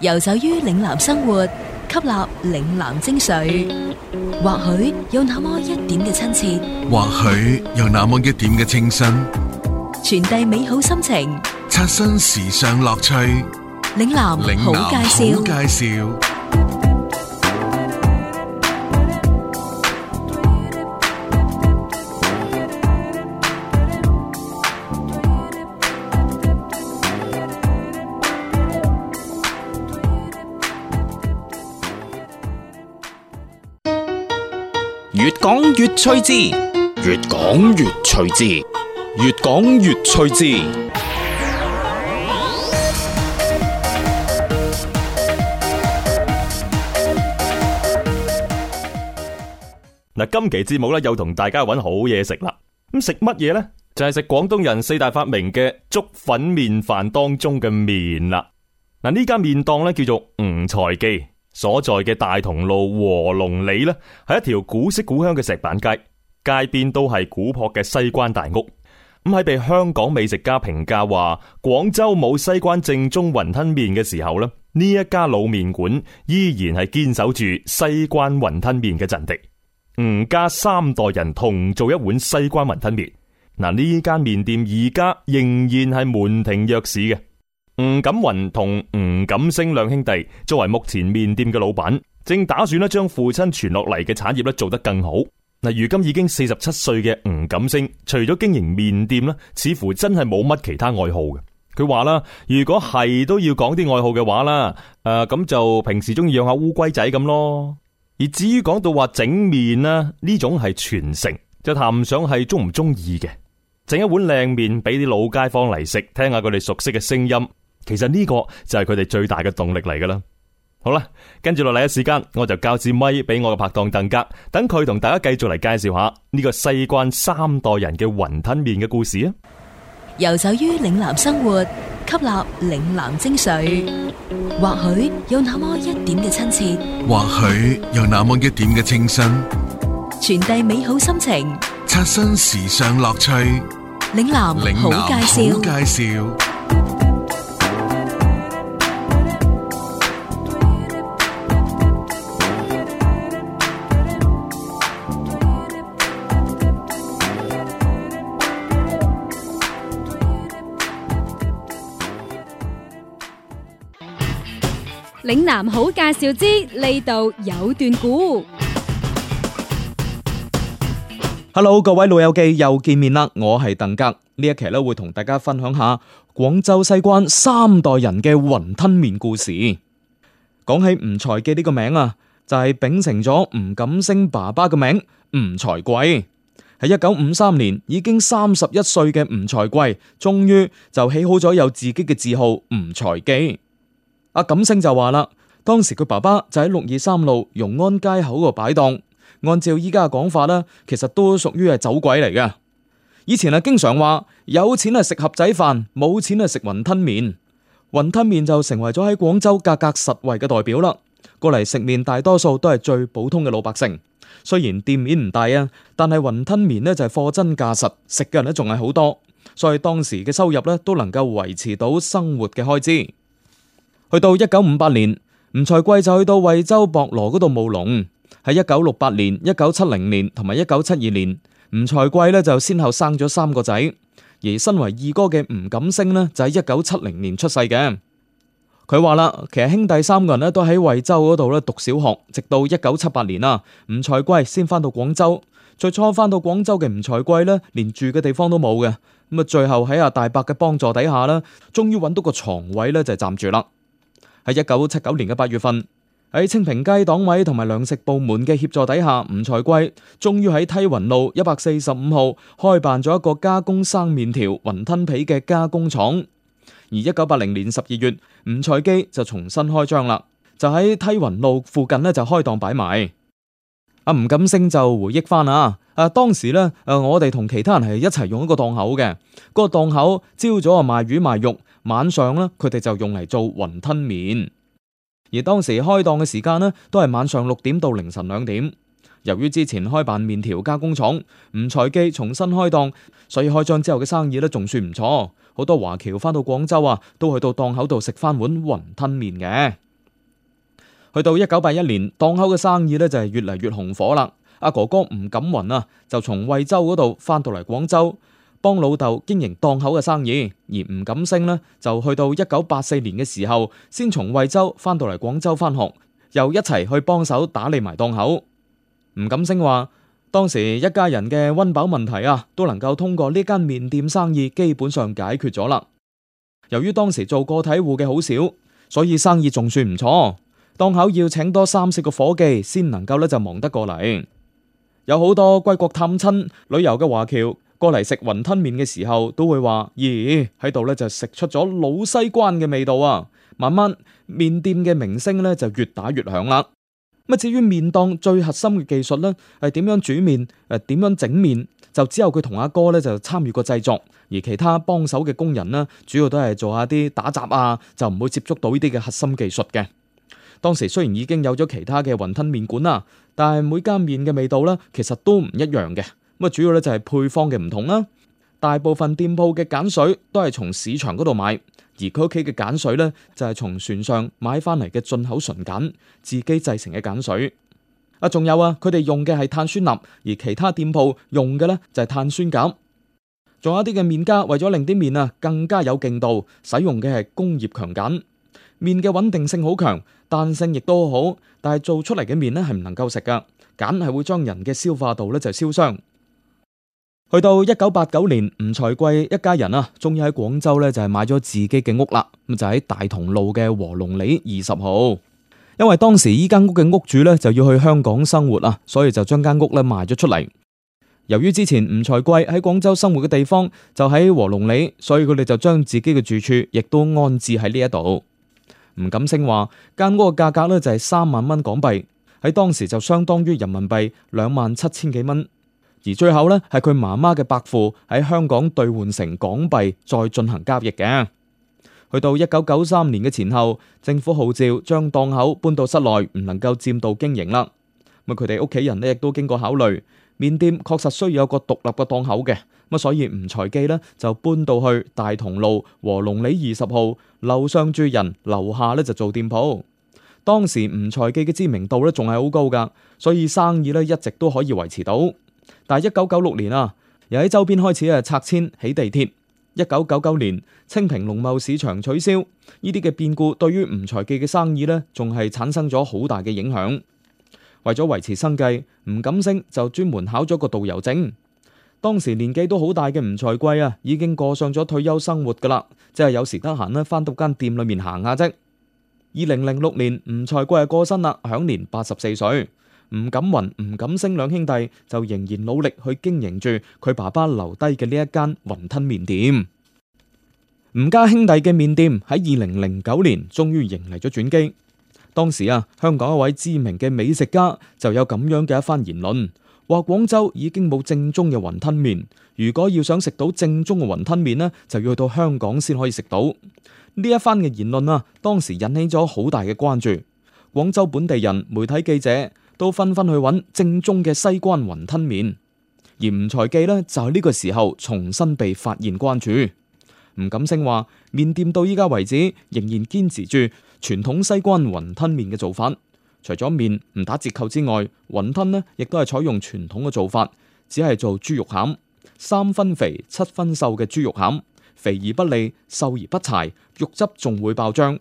游走於嶺南生活，吸納嶺南精髓，或許有那麼一點嘅親切，或許有那麼一點嘅清新，傳遞美好心情，刷新時尚樂趣。嶺南好介紹。講越，越趣字，越講越趣字，越講越趣字。嗱，越越今期節目咧又同大家揾好嘢食啦。咁食乜嘢呢？就係食廣東人四大發明嘅粥粉麵飯當中嘅麵啦。嗱，呢間麵檔咧叫做吳財記。所在嘅大同路和龍里呢，係一條古色古香嘅石板街，街邊都係古樸嘅西關大屋。咁喺被香港美食家評價話廣州冇西關正宗雲吞麵嘅時候呢，呢一家老麵館依然係堅守住西關雲吞麵嘅陣地。吳家三代人同做一碗西關雲吞麵，嗱，呢間麵店而家仍然係門庭若市嘅。吳錦雲同吳錦星兩兄弟作為目前麵店嘅老闆，正打算咧將父親傳落嚟嘅產業咧做得更好。嗱，如今已經四十七歲嘅吳錦星，除咗經營麵店咧，似乎真係冇乜其他愛好嘅。佢話啦，如果係都要講啲愛好嘅話啦，誒、啊、咁就平時中意養下烏龜仔咁咯。而至於講到話整麵啊呢種係傳承，就談唔上係中唔中意嘅。整一碗靚麵俾啲老街坊嚟食，聽下佢哋熟悉嘅聲音。其實呢個就係佢哋最大嘅動力嚟噶啦。好啦，跟住落嚟嘅時間，我就交支咪俾我嘅拍檔鄧格，等佢同大家繼續嚟介紹下呢個西關三代人嘅雲吞麵嘅故事啊！遊走於嶺南生活，吸納嶺南精髓，或許有那麼一點嘅親切，或許有那麼一點嘅清新，傳遞美好心情，刷新時尚樂趣。嶺南好介紹。嶺南好介紹之呢度有段古。Hello，各位老友記又見面啦！我係鄧格，呢一期咧會同大家分享下廣州西關三代人嘅雲吞麵故事。講起吳財記呢個名啊，就係秉承咗吳錦升爸爸嘅名吳財貴。喺一九五三年，已經三十一歲嘅吳財貴，終於就起好咗有自己嘅字號吳財記。阿錦升就話啦，當時佢爸爸就喺六二三路容安街口度擺檔，按照依家嘅講法啦，其實都屬於係走鬼嚟嘅。以前啊，經常話有錢係食盒仔飯，冇錢係食雲吞麵。雲吞麵就成為咗喺廣州價格實惠嘅代表啦。過嚟食麵大多數都係最普通嘅老百姓。雖然店面唔大啊，但係雲吞麵呢就係貨真價實，食嘅人咧仲係好多，所以當時嘅收入呢都能夠維持到生活嘅開支。去到一九五八年，吳才貴就去到惠州博羅嗰度務農。喺一九六八年、一九七零年同埋一九七二年，吳才貴咧就先後生咗三個仔。而身為二哥嘅吳錦星呢，就喺一九七零年出世嘅。佢話啦，其實兄弟三個人呢都喺惠州嗰度咧讀小學，直到一九七八年啦，吳才貴先翻到廣州。最初翻到廣州嘅吳才貴咧，連住嘅地方都冇嘅。咁啊，最後喺阿大伯嘅幫助底下呢，終於揾到個床位咧就站住啦。喺一九七九年嘅八月份，喺清平街黨委同埋糧食部門嘅協助底下，吳才貴終於喺梯雲路一百四十五號開辦咗一個加工生麵條、雲吞皮嘅加工廠。而一九八零年十二月，吳才基就重新開張啦，就喺梯雲路附近呢就開檔擺賣。阿吳錦勝就回憶翻啊，啊當時呢，誒、啊、我哋同其他人係一齊用一個檔口嘅，那個檔口朝早啊賣魚賣肉。晚上咧，佢哋就用嚟做雲吞麵。而當時開檔嘅時間呢，都係晚上六點到凌晨兩點。由於之前開辦麵條加工廠，吳財記重新開檔，所以開張之後嘅生意咧仲算唔錯。好多華僑翻到廣州啊，都去到檔口度食翻碗雲吞麵嘅。去到一九八一年，檔口嘅生意咧就係越嚟越紅火啦。阿哥哥吳錦雲啊，就從惠州嗰度翻到嚟廣州。幫老豆經營檔口嘅生意，而吳錦星呢，就去到一九八四年嘅時候，先從惠州翻到嚟廣州翻學，又一齊去幫手打理埋檔口。吳錦星話，當時一家人嘅溫飽問題啊，都能夠通過呢間麵店生意基本上解決咗啦。由於當時做個體戶嘅好少，所以生意仲算唔錯。檔口要請多三四個伙計先能夠咧就忙得過嚟，有好多歸國探親、旅遊嘅華僑過嚟食雲吞麵嘅時候，都會話：咦、欸，喺度咧就食出咗老西關嘅味道啊！慢慢，麵店嘅名聲咧就越打越響啦。咁至於麵檔最核心嘅技術咧，係點樣煮麵？誒，點樣整麵？就只有佢同阿哥咧就參與過製作，而其他幫手嘅工人呢，主要都係做下啲打雜啊，就唔會接觸到呢啲嘅核心技術嘅。當時雖然已經有咗其他嘅雲吞麵館啦，但係每間麵嘅味道咧，其實都唔一樣嘅。咁啊，主要咧就係配方嘅唔同啦。大部分店鋪嘅鹼水都係從市場嗰度買，而佢屋企嘅鹼水咧就係、是、從船上買翻嚟嘅進口純鹼，自己製成嘅鹼水。啊，仲有啊，佢哋用嘅係碳酸鈉，而其他店鋪用嘅咧就係、是、碳酸鹼。仲有啲嘅麵家為咗令啲麵啊更加有勁度，使用嘅係工業強鹼，麵嘅穩定性好強，彈性亦都好，但係做出嚟嘅麵咧係唔能夠食㗎，鹼係會將人嘅消化道咧就燒傷。去到一九八九年，吳才貴一家人啊，終於喺廣州咧就係買咗自己嘅屋啦，咁就喺大同路嘅和龍里二十號。因為當時呢間屋嘅屋主咧就要去香港生活啊，所以就將間屋咧賣咗出嚟。由於之前吳才貴喺廣州生活嘅地方就喺和龍里，所以佢哋就將自己嘅住處亦都安置喺呢一度。吳錦星話間屋嘅價格咧就係三萬蚊港幣，喺當時就相當於人民幣兩萬七千幾蚊。而最後呢，係佢媽媽嘅伯父喺香港兌換成港幣，再進行交易嘅。去到一九九三年嘅前後，政府號召將檔口搬到室內，唔能夠佔道經營啦。咁佢哋屋企人呢，亦都經過考慮，麵店確實需要有個獨立嘅檔口嘅。咁所以吳財記呢，就搬到去大同路和龍里二十號樓上住人，樓下呢，就做店鋪。當時吳財記嘅知名度呢，仲係好高噶，所以生意呢，一直都可以維持到。但係一九九六年啊，又喺周邊開始啊，拆遷起地鐵。一九九九年，清平農貿市場取消，呢啲嘅變故對於吳財記嘅生意呢，仲係產生咗好大嘅影響。為咗維持生計，吳錦升就專門考咗個導遊證。當時年紀都好大嘅吳財貴啊，已經過上咗退休生活噶啦，即係有時得閒呢，翻到間店裏面行下啫。二零零六年，吳財貴啊過身啦，享年八十四歲。吳錦雲、吳錦升兩兄弟就仍然努力去經營住佢爸爸留低嘅呢一間雲吞麵店。吳家兄弟嘅麵店喺二零零九年終於迎嚟咗轉機。當時啊，香港一位知名嘅美食家就有咁樣嘅一番言論，話廣州已經冇正宗嘅雲吞麵，如果要想食到正宗嘅雲吞麵呢，就要去到香港先可以食到。呢一番嘅言論啊，當時引起咗好大嘅關注，廣州本地人、媒體記者。都紛紛去搵正宗嘅西關雲吞麵，而吳財記呢，就喺呢個時候重新被發現關注。吳錦聲話：麵店到依家為止仍然堅持住傳統西關雲吞麵嘅做法，除咗麵唔打折扣之外，雲吞呢亦都係採用傳統嘅做法，只係做豬肉餡，三分肥七分瘦嘅豬肉餡，肥而不膩，瘦而不柴，肉汁仲會爆漿。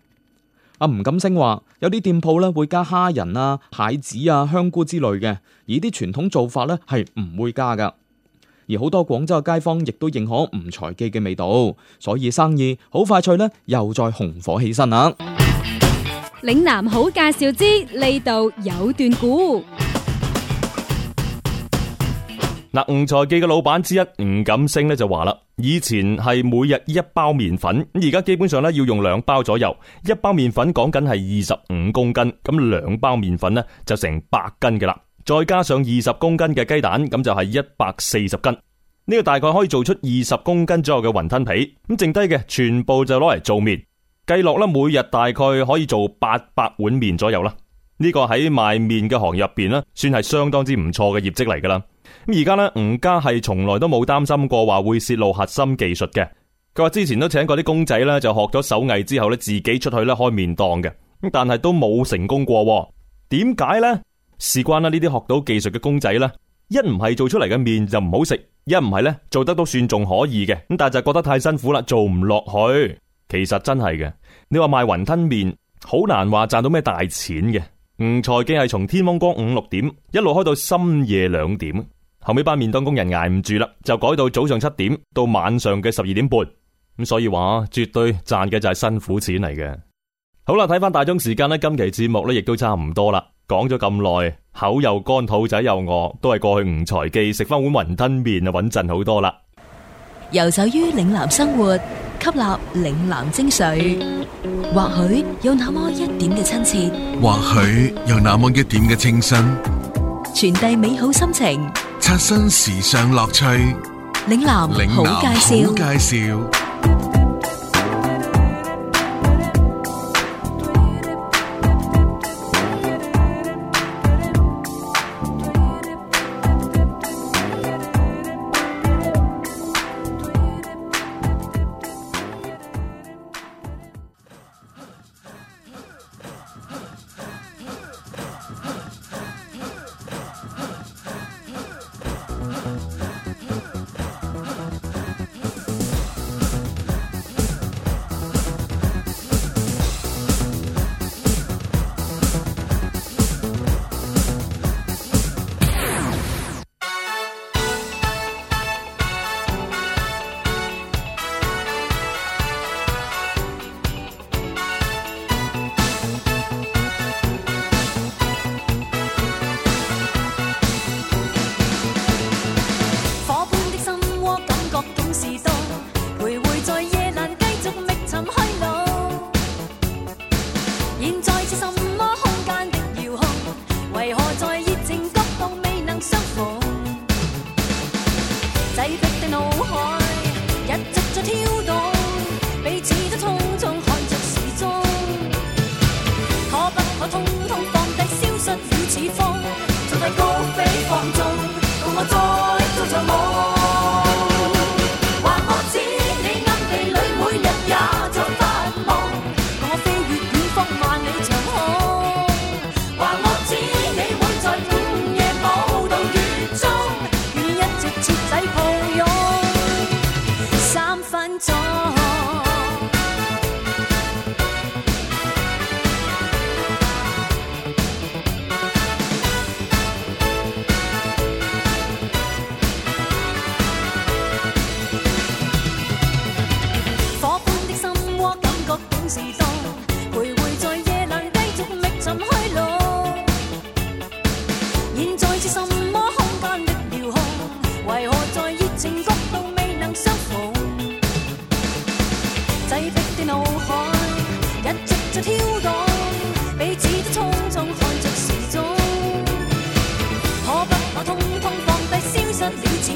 阿吳錦星話，有啲店鋪咧會加蝦仁啊、蟹子啊、香菇之類嘅，而啲傳統做法咧係唔會加噶。而好多廣州嘅街坊亦都認可吳財記嘅味道，所以生意好快脆咧，又再紅火起身啊！嶺南好介紹之，呢度有段故。嗱，吳財記嘅老闆之一吳錦星咧就話啦。以前係每日一包麵粉，咁而家基本上咧要用兩包左右。一包麵粉講緊係二十五公斤，咁兩包麵粉呢就成百斤嘅啦。再加上二十公斤嘅雞蛋，咁就係一百四十斤。呢個大概可以做出二十公斤左右嘅雲吞皮，咁剩低嘅全部就攞嚟做麵。計落咧，每日大概可以做八百碗麵左右啦。呢個喺賣麵嘅行業入邊咧，算係相當之唔錯嘅業績嚟噶啦。咁而家咧，吳家係從來都冇擔心過話會洩露核心技術嘅。佢話之前都請過啲公仔咧，就學咗手藝之後咧，自己出去咧開麵檔嘅。咁但係都冇成功過喎。點解呢？事關啦，呢啲學到技術嘅公仔啦，一唔係做出嚟嘅麵就唔好食，一唔係咧做得都算仲可以嘅。咁但係就覺得太辛苦啦，做唔落去。其實真係嘅，你話賣雲吞麵，好難話賺到咩大錢嘅。吳財記係從天光五六點一路開到深夜兩點。後尾班麵當工人捱唔住啦，就改到早上七點到晚上嘅十二點半咁，所以話絕對賺嘅就係辛苦錢嚟嘅。好啦，睇翻大鐘時間咧，今期節目咧亦都差唔多啦。講咗咁耐，口又乾，肚仔又餓，都係過去吳財記，食翻碗雲吞麵啊，穩陣好多啦。遊走於嶺南生活，吸納嶺南精髓，或許有那麼一點嘅親切，或許有那麼一點嘅清新，傳遞美好心情。刷新時尚樂趣，嶺南嶺南好介紹。擠迫的腦海，一直在跳動，彼此都匆匆看着時鐘，可不可通通放低，消失了此方，盡力高飛放縱，共我再做場夢。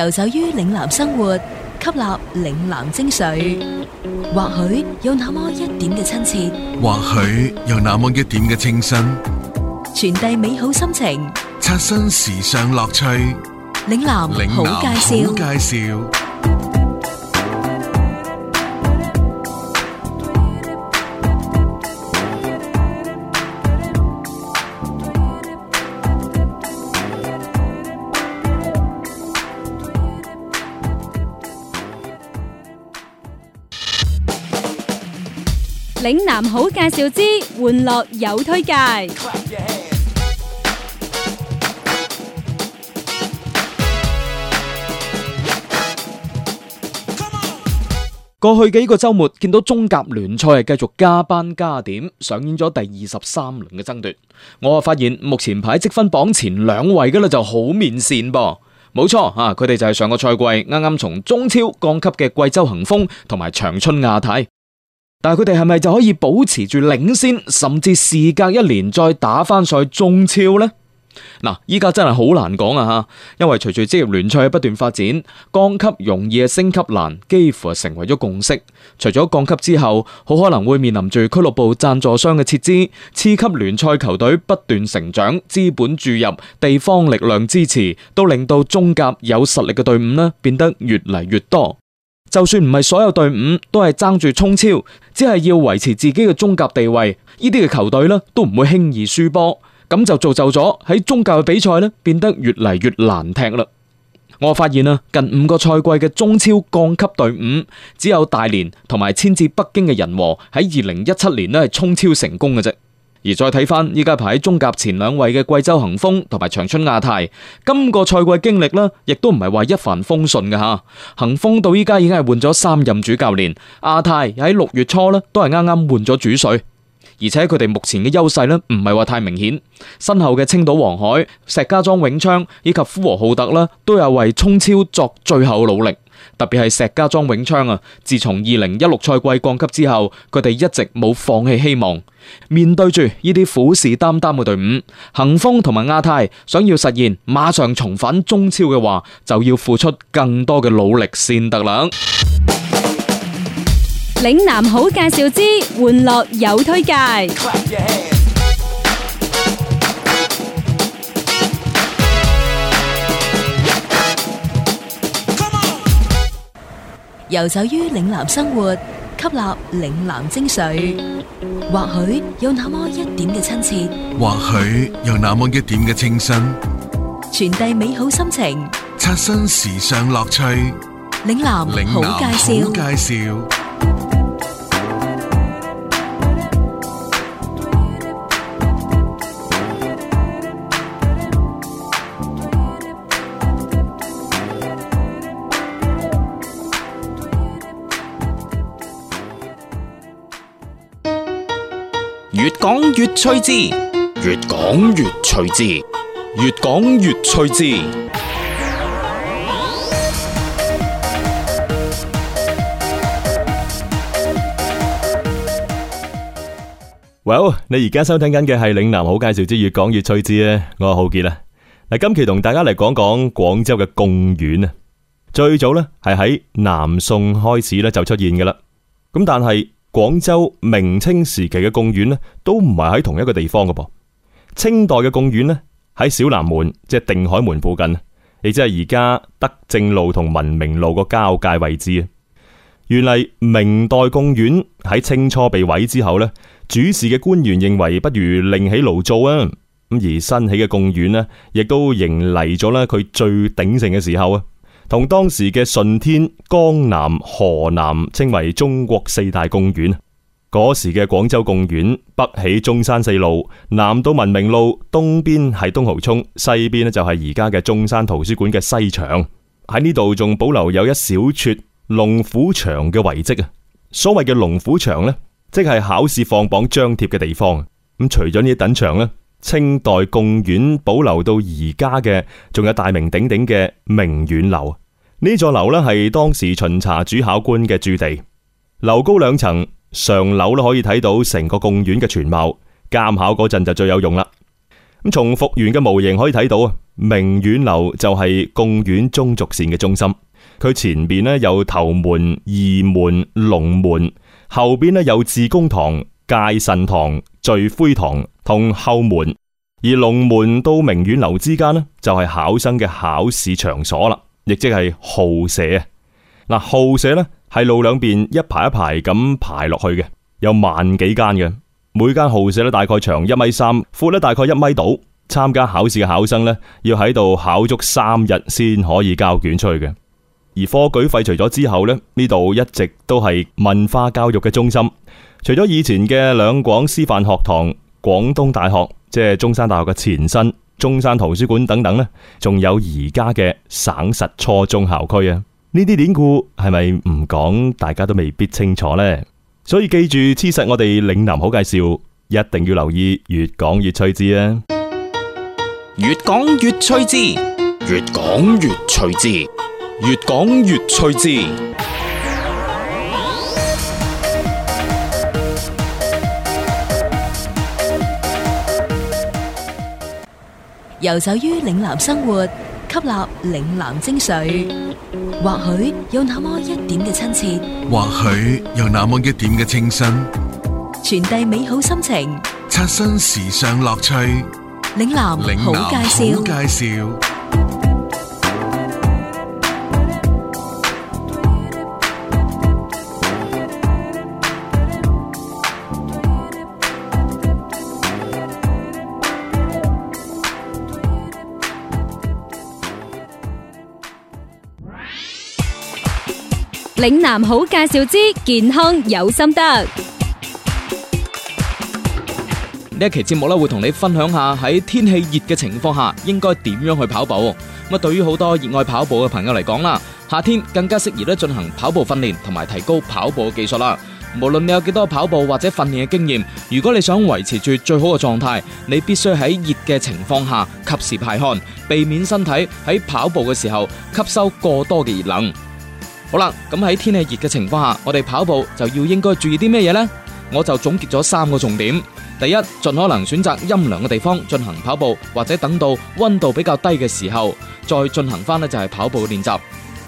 遊走於嶺南生活，吸納嶺南精髓，或許有那麼一點嘅親切，或許有那麼一點嘅清新，傳遞美好心情，刷新時尚樂趣。嶺南好介紹，好介紹。嶺南好介紹之，玩樂有推介。過去幾個周末，見到中甲聯賽係繼續加班加點上演咗第二十三輪嘅爭奪。我啊發現，目前排積分榜前兩位噶啦就好面善噃。冇錯啊，佢哋就係上個賽季啱啱從中超降級嘅貴州恒豐同埋長春亞泰。但係佢哋係咪就可以保持住領先，甚至事隔一年再打翻賽中超咧？嗱，依家真係好難講啊！吓，因為隨住職業聯賽嘅不斷發展，降級容易啊，升級難，幾乎係成為咗共識。除咗降級之後，好可能會面臨住俱樂部贊助商嘅撤資，次級聯賽球隊不斷成長，資本注入、地方力量支持，都令到中甲有實力嘅隊伍咧變得越嚟越多。就算唔係所有隊伍都係爭住衝超，只係要維持自己嘅中甲地位，呢啲嘅球隊咧都唔會輕易輸波，咁就造就咗喺中甲嘅比賽咧變得越嚟越難踢啦。我發現啊，近五個賽季嘅中超降級隊伍，只有大連同埋遷至北京嘅人和喺二零一七年咧係衝超成功嘅啫。而再睇翻依家排喺中甲前兩位嘅貴州恒豐同埋長春亞泰，今個賽季經歷呢亦都唔係話一帆風順嘅吓。恒豐到依家已經係換咗三任主教練，亞泰喺六月初呢都係啱啱換咗主帥，而且佢哋目前嘅優勢呢唔係話太明顯。身後嘅青島黃海、石家莊永昌以及呼和浩特呢，都有為衝超作最後努力。特別係石家莊永昌啊！自從二零一六賽季降級之後，佢哋一直冇放棄希望。面對住呢啲虎視眈眈嘅隊伍，恒豐同埋亞泰想要實現馬上重返中超嘅話，就要付出更多嘅努力先得啦。嶺南好介紹之，玩樂有推介。游走於嶺南生活，吸納嶺南精髓，或許有那麼一點嘅親切，或許有那麼一點嘅清新，傳遞美好心情，刷新時尚樂趣。嶺南好介紹。講粵趣致，越講越趣致，越講越趣致。喂，你而家收聽緊嘅係《嶺南好介紹之越講越趣致》咧，我係浩杰啦。嗱，今期同大家嚟講講廣州嘅貢院啊，最早呢係喺南宋開始呢就出現噶啦，咁但係。廣州明清時期嘅貢院呢，都唔係喺同一個地方嘅噃。清代嘅貢院呢，喺小南門即係、就是、定海門附近，亦即係而家德政路同文明路個交界位置啊。原嚟明代貢院喺清初被毀之後咧，主事嘅官員認為不如另起爐灶啊，咁而新起嘅貢院呢，亦都迎嚟咗咧佢最鼎盛嘅時候啊。同當時嘅順天、江南、河南稱為中國四大貢院。嗰時嘅廣州貢院，北起中山四路，南到文明路，東邊係東濠涌，西邊咧就係而家嘅中山圖書館嘅西牆。喺呢度仲保留有一小撮龍虎牆嘅遺迹啊！所謂嘅龍虎牆呢，即係考試放榜張貼嘅地方。咁除咗呢啲等牆咧，清代貢院保留到而家嘅，仲有大名鼎鼎嘅明遠樓。呢座樓呢，係當時巡查主考官嘅駐地，樓高兩層，上樓都可以睇到成個貢院嘅全貌。監考嗰陣就最有用啦。咁從復原嘅模型可以睇到啊，明遠樓就係貢院中軸線嘅中心。佢前邊呢，有頭門、二門、龍門，後邊呢，有至公堂、戒慎堂、聚奎堂同後門。而龍門到明遠樓之間呢，就係考生嘅考試場所啦。亦即係號舍。嗱，號舍呢係路兩邊一排一排咁排落去嘅，有萬幾間嘅。每間號舍呢，大概長一米三，闊呢大概一米到。參加考試嘅考生呢，要喺度考足三日先可以交卷出去嘅。而科舉廢除咗之後呢，呢度一直都係文化教育嘅中心。除咗以前嘅兩廣師範學堂、廣東大學，即係中山大學嘅前身。中山圖書館等等，呢仲有而家嘅省實初中校區啊！呢啲典故係咪唔講，大家都未必清楚呢，所以記住，黐實我哋嶺南好介紹，一定要留意，越講越，啊越講越，越講越趣致啊！越講越趣致，越講越趣致，越講越趣致。遊走於嶺南生活，吸納嶺南精髓，或許有那麼一點嘅親切，或許有那麼一點嘅清新，傳遞美好心情，刷新時尚樂趣。嶺南好介紹，好介紹。嶺南好介紹之健康有心得，呢一期節目咧，會同你分享下喺天氣熱嘅情況下，應該點樣去跑步。咁啊，對於好多熱愛跑步嘅朋友嚟講啦，夏天更加適宜咧進行跑步訓練同埋提高跑步嘅技術啦。無論你有幾多跑步或者訓練嘅經驗，如果你想維持住最好嘅狀態，你必須喺熱嘅情況下及時排汗，避免身體喺跑步嘅時候吸收過多嘅熱能。好啦，咁喺天氣熱嘅情況下，我哋跑步就要應該注意啲咩嘢呢？我就總結咗三個重點。第一，盡可能選擇陰涼嘅地方進行跑步，或者等到温度比較低嘅時候再進行翻呢就係跑步練習。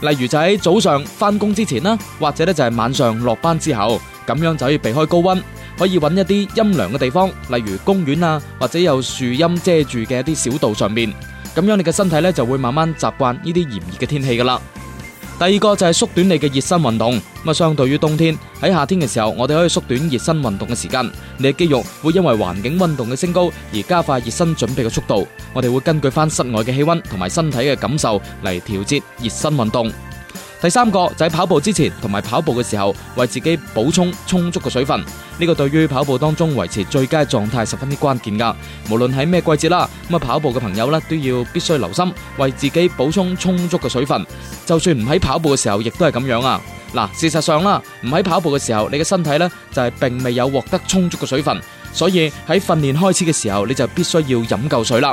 例如就喺早上翻工之前啦，或者呢就係晚上落班之後，咁樣就可以避開高温，可以揾一啲陰涼嘅地方，例如公園啊，或者有樹蔭遮住嘅一啲小道上面。咁樣你嘅身體呢，就會慢慢習慣呢啲炎熱嘅天氣噶啦。第二個就係縮短你嘅熱身運動。咁啊，相對於冬天，喺夏天嘅時候，我哋可以縮短熱身運動嘅時間。你嘅肌肉會因為環境溫度嘅升高而加快熱身準備嘅速度。我哋會根據翻室外嘅氣溫同埋身體嘅感受嚟調節熱身運動。第三個就喺、是、跑步之前同埋跑步嘅時候，為自己補充充足嘅水分，呢、這個對於跑步當中維持最佳狀態十分之關鍵噶。無論喺咩季節啦，咁啊跑步嘅朋友呢都要必須留心為自己補充充足嘅水分。就算唔喺跑步嘅時候，亦都係咁樣啊！嗱，事實上啦，唔喺跑步嘅時候，你嘅身體呢就係並未有獲得充足嘅水分，所以喺訓練開始嘅時候，你就必須要飲夠水啦。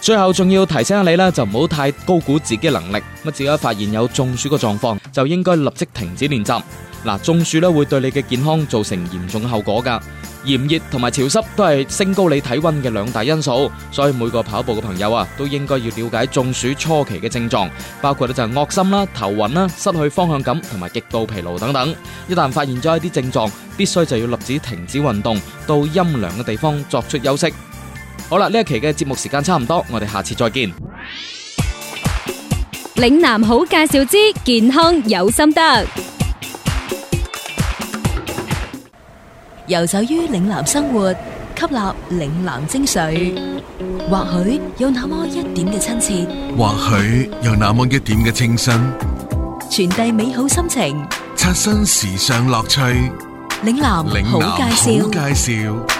最後仲要提醒下你啦，就唔好太高估自己能力。乜自己發現有中暑嘅狀況，就應該立即停止練習。嗱，中暑咧會對你嘅健康造成嚴重後果噶。炎熱同埋潮濕都係升高你體温嘅兩大因素，所以每個跑步嘅朋友啊都應該要了解中暑初期嘅症狀，包括咧就係惡心啦、頭暈啦、失去方向感同埋極度疲勞等等。一旦發現咗一啲症狀，必須就要立即停止運動，到陰涼嘅地方作出休息。好啦，呢一期嘅節目時間差唔多，我哋下次再見。嶺南好介紹之健康有心得，游走於嶺南生活，吸納嶺南精髓，或許有那麼一點嘅親切，或許有那麼一點嘅清新，傳遞美好心情，刷新時尚樂趣。嶺南好介紹，好介紹。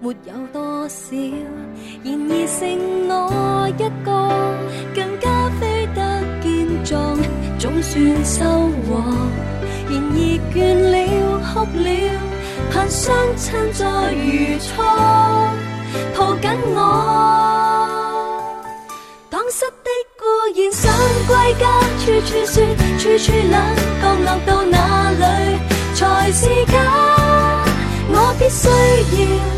沒有多少，然而剩我一個，更加飛得健壯，總算收穫。然而倦了哭了，盼雙親再如初抱緊我。蕩失的孤燕想歸家，處處雪，處處冷，降落到哪裏才是家？我必須要。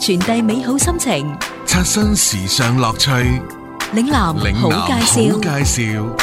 傳遞美好心情，刷新時尚樂趣。嶺南好介紹。